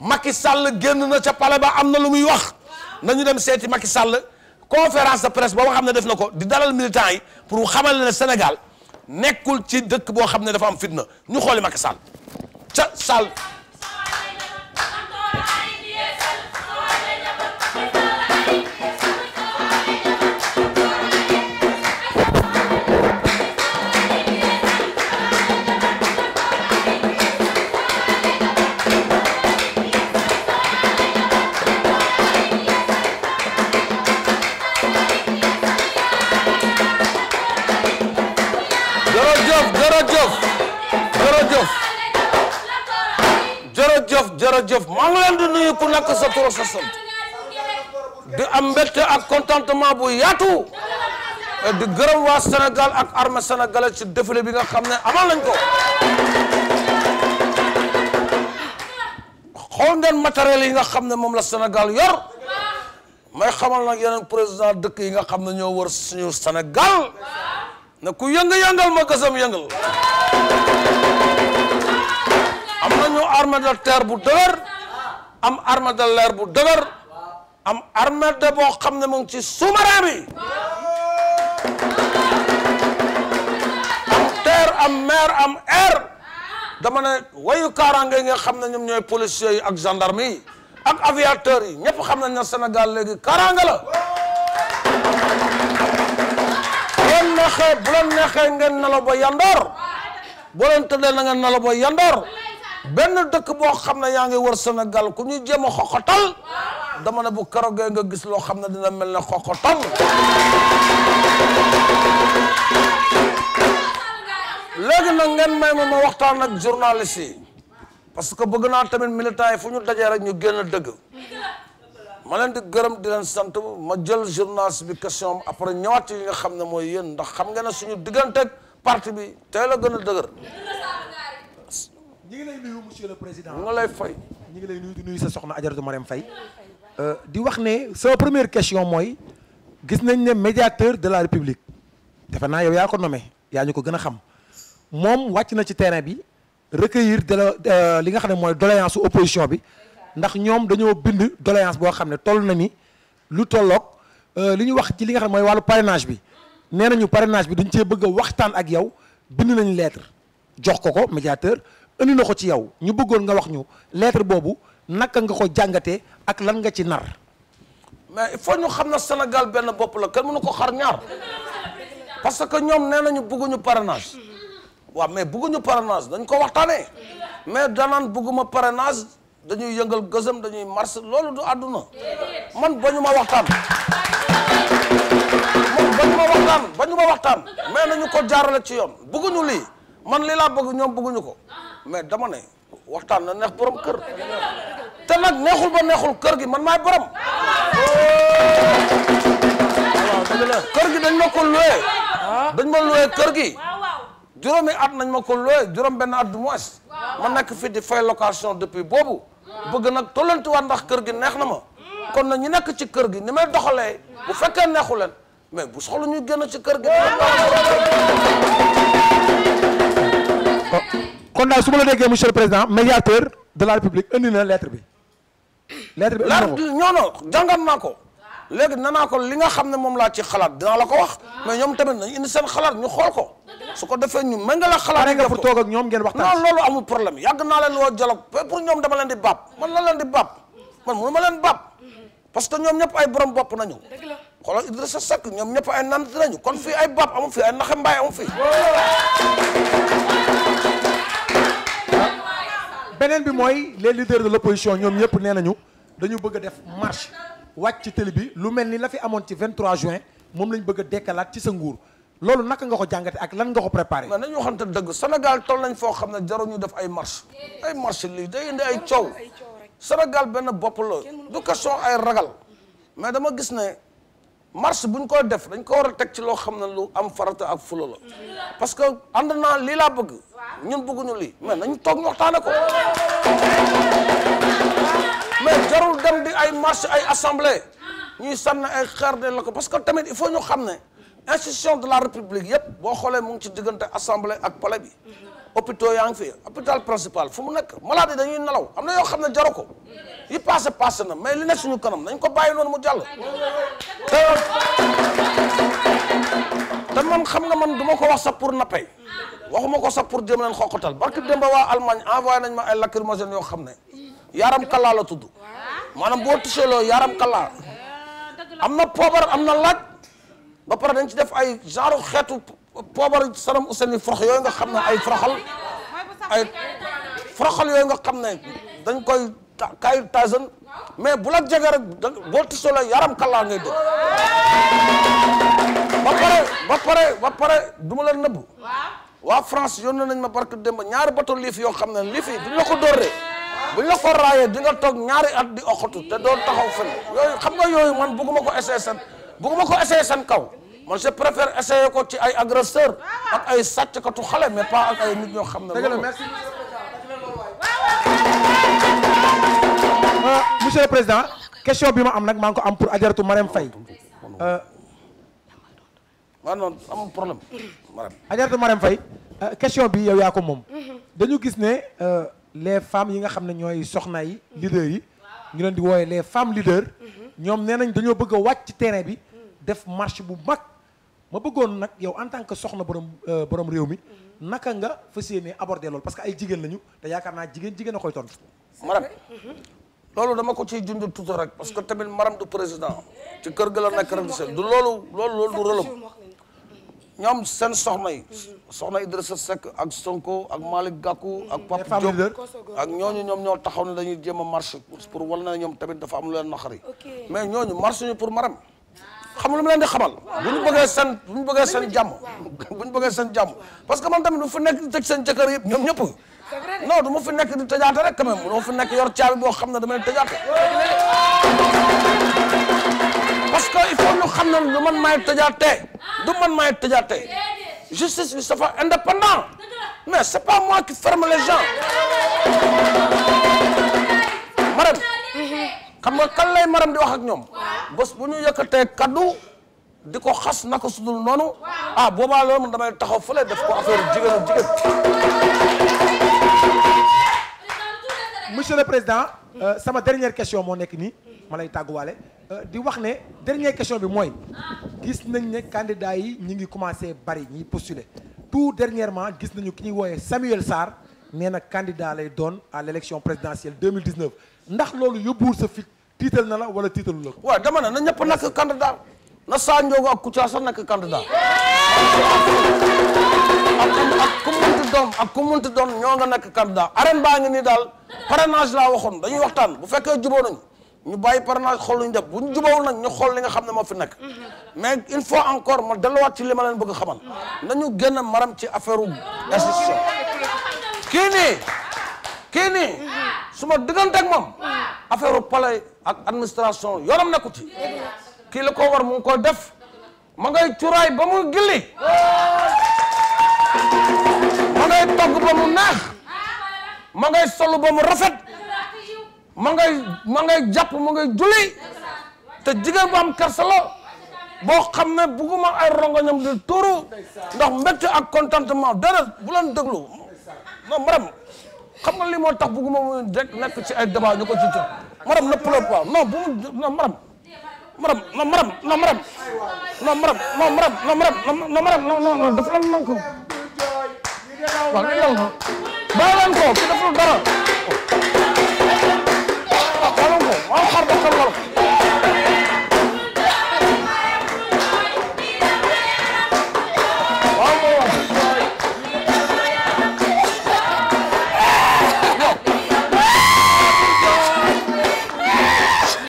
Macky Sall génn na ca pale ba am na lu muy wax nañu dem seeti Macky Sall conférence de presse boobu xam ne def na ko di dalal militant yi pour xamal ne Sénégal nekkul ci dëkk boo xam ne dafa am fitna ñu xooli Macky Sall ca Sall. jërëjëf jërëjëf jërëjëf jërëjëf maa ngi leen di nuyu ku nekk sa tur sa sant di am mbégte ak contentement bu yaatu di gërëm waa Sénégal ak armée sénégalaise ci défilé bi nga xam ne amal nañ ko xool ngeen matériel yi nga xam ne moom la Sénégal yor may xamal nag yeneen président dëkk yi nga xam ne ñoo wër suñu Sénégal na ku yëngu-yëngal ma gësam yëngal am nañu armée de terre bu dëgër am armée de bu dëgër am armée bo xam ne mu ngi ci sous-marin bi am terre am mer am air dama ne wayu kaaraange yi nga xam ne ñoom ñooy policiers yi ak gendarme yi ak aviateurs yi ñëpp xam nañ ne Sénégal léegi kaaraange la neexee bu leen ngeen nelaw ba yandoor boo leen ngeen nelaw ba yandoor benn dëkk boo xam ne yaa ngi wër Sénégal ku ñu jéem a xoxotal dama ne bu kerogee nga gis loo xam ne dina mel ne xoxotal léegi nag ngeen may ma ma waxtaan ak journaliste yi parce que bëgg naa tamit militants yi fu ñu dajee rek ñu génn dëgg ma leen di gërëm di leen sant ma jël journaliste bi question am après ñëwaat yi nga xam ne mooy yéen ndax xam nga ne suñu digganteeg parti bi tey la gën a dëgër. ñu ngi lay nuyu le président ñu ngi fay. ñu ngi lay nuyu di nuyu sa soxna ma Marème Faye euh, di wax ne sa première question mooy gis nañ ne médiateur de la république defe naa yow yaa ko nommé yaa ñu ko gën a xam moom wàcc na ci terrain bi recueillir de euh, li nga xam ne mooy doléance opposition bi. ndax ñoom dañoo bind doléance boo xam ne toll na ni lu tolloog euh, li ñu wax ci li nga xam ne mooy wàllu parrainage bi nee nañu parrainage bi dañ cee bëgg waxtaan ak yow bind nañ lettre jox ko ko médiateur indi na ko ci yow ñu bëggoon nga wax ñu leetre boobu naka nga ko jàngatee ak lan nga ci nar. mais il faut ñu xam ne Sénégal benn bopp la kenn mënu ko xar ñaar parce que ñoom nee nañu bëgguñu parrainage waa mais bëgguñu parrainage dañ ko waxtaanee mais danaan bëgguma parrainage. dañuy yëngal gësëm dañuy mars loolu du àdduna man bañu ma waxtaan man bañu ma waxtaan bañu ma waxtaan mais nañu ko jaarale ci yoon bëgguñu lii man lii laa bëgg ñoom bëgguñu ko mais dama waxtaan na neex borom kër te nag neexul ba neexul kër gi man maay borom kër gi dañ ma ko loué ah. dañ ma loué kër gi juróomi at nañ ma ko loué juróom benn at du ma nekk fi di fay location depuis boobu bëgg nag tollantiwaat ndax kër gi neex na ma kon nag ñu nekk ci kër gi ne may doxalee bu fekkee neexu leen mais bu soxla ñu génn ci kër gi kon daal su ma la déggee monsieur le président médiateur de la république indi na lettre bi lettre bi ñoo non jàngat naa ko léegi nanaa ko li nga xam ne moom laa ci xalaat dinaa la ko wax mais ñoom tamit nañ indi seen xalaat ñu xool ko su ko defee ñu mën nga la xalaat nga pour toog ak ñoom ngeen waxtaan non loolu amul problème yàgg naa leen woo dialogue pour ñoom dama leen di baab man la leen di baab man mënu ma leen baab parce que ñoom ñëpp ay borom bopp nañu xoolal Idrissa ñoom ñëpp ay nant nañu kon fii ay baab amu fii ay naxe mbaay amu fii beneen bi mooy les leaders de l'opposition ñoom ñëpp nee nañu dañu bëgg a def marche wàcc ci télé bi lu mel ni la fi amoon ci 23 juin moom lañ bëgg a dekkalaat ci sa nguur loolu naka nga ko jàngate ak lan nga ko préparé. mais xam waxante dëgg Sénégal toll nañ foo xam ne jarul ñu def ay marche ay marche lii day ay coow Sénégal benn bopp la ay ragal mais dama gis ne marche bu ñu koy def dañ ko war a teg ci loo xam ne lu am farata ak fula parce que ànd na lii laa bëgg ñun bëgguñu lii mais nañu toog ñu waxtaane ko mais jarul dem di ay marche ay assemblée ñuy sànni ay xeer de la ko parce que tamit i faut ñu xam ne institution de la république yëpp boo xoolee mu ngi ci diggante assemblée ak palais bi hôpitaux yaa ngi fi hôpital principal fu mu nekk malade dañuy nelaw am na yoo xam ne jaru ko yi passé passé na mais li nekk suñu kanam dañ ko bàyyi noonu mu jàll te man xam nga man du ma ko wax sax pour nappay waxuma ko sax pour jéem leen xoqatal barki démb waa Allemagne envoyé nañ ma ay lacrymogènes yoo xam ne yaaram kalaa la tudd maanaam boo tiseloo yaram kalaa euh, am am na ba pare dañ ci def ay genre xeetu poobar sanam useni forox yooyu nga xam ne ay foroxal ay foroxal yooyu nga xam ne dañ koy kaay tasan mais bu la jege rek boo tisoo la yaram kallaa ngay dëkk ba pare ba pare ba pare du ma la nëbb waa France yónnee nañ ma barke démb ñaari bato liif yoo xam ne liif yi ñu la ko dóoree buñ la ko raayee di nga toog ñaari at di oxatu te doo taxaw fen yooyu xam nga yooyu man bëgguma ko SSN bëgguma ko essayer seen kaw man je préfère essayer ko ci ay agresseur ah. ak ay sàcckatu xale mais pas ay nit ñoo xam ne loolu euh, monsieur le président question bi ma am nag maa ngi ko am pour Adjaratou Marème Faye euh, waaw non am problème Marème Adjaratou Marème Faye euh, question bi yow yaa moom dañu gis ne les femmes yi nga xam ne ñooy soxna yi leaders yi ñu leen di wooye les femmes leaders ñoom nee nañ dañoo bëgg a wàcc ci terrain bi def marche bu mag ma bëggoon nag yow en tant que soxna borom euh, borom réew mi mhm. naka nga fas yéenee aborder loolu parce que ay jigéen lañu te yaakaar naa jigéen jigéen a koy tontu. maram mhm. loolu dama ko ciy junj tuuti rek parce que mhm. tamit maram du président ci kër ga la nekk rek du loolu loolu loolu du rëlam ñoom seen soxna yi soxna Idrissa Seck ak Sonko ak Malick Gakou ak Pape Diop ak ñooñu ñoom ñoo taxaw ne dañuy jéem a marche pour wal na ñoom tamit dafa am lu leen xam lu mu leen di xamal bu ñu bëggee seen bu ñu bëggee seen jàmm bu ñu bëggee seen jàmm parce que man tamit du fi nekk di tëj seen jëkkër yëpp ñoom ñëpp non du ma fi nekk di tëjaate rek quand même du ma fi yor caabi boo xam ne dama leen tëjaate parce que il xam ne du man maay tëjaate du man maay tëjaate justice indépendant mais c'est pas moi qui ferme les gens maram xam nga kan lay maram di wax ak ñoom bos bu ñu yëkkatee kaddu di ko xas naka sudul noonu ah boobaa loolu man damay taxaw fu fële def ko affaire jigéenu jigéen monsieur le président euh, sama dernière question moo nekk nii ma lay tàgguwaale euh, di wax ne dernière question bi mooy gis nañ ne candidat yi ñu ngi commencé bari ñi postuler tout dernièrement gis nañu ki ñu wooyee Samuel Sarr nee na candidat lay doon à l' élection présidentielle 2019 ndax loolu yóbbuwul sa fit tiital na la wala tiitalu la ko. waaw dama ne na ñëpp nekk candidat na saa Ndiogou ak Kouthia sax nekk candidat ak ak ku munti doon ak ku munti doon ñoo nga nekk candidat arène baa ngi nii daal parrainage laa waxoon dañuy waxtaan bu fekkee juboo nañu ñu bàyyi parrainage xool lu ñu def bu ñu jubóowul nag ñu xool li nga xam ne moo fi nekk mais il faut encore ma delluwaat ci li ma leen bëgg xamal nañu génn maram ci affaire u institution kii nii kii nii su ma diggante moom affaire palais ak administration yoram nekku ci kii la ko war mu ngi koy def ma ngay cuuraay ba mu gilli ma ngay togg ba mu neex ma ngay solu ba mu rafet ma ngay ma jàpp ma ngay julli te jigéen bu am kersa boo xam ne bugguma ay rongoñam di tuuru ndax mbégte ak contentement dara bu leen déglu non maram xam nga li moo tax bëgguma mu rek nekk ci ay débat ñu ko ci tënk maram nëppaloo quoi non bu mu maram maram non maram non maram non maram non maram non maram non maram non non non dafa lan ko waaw lan ko bàyyi leen ko ki deful dara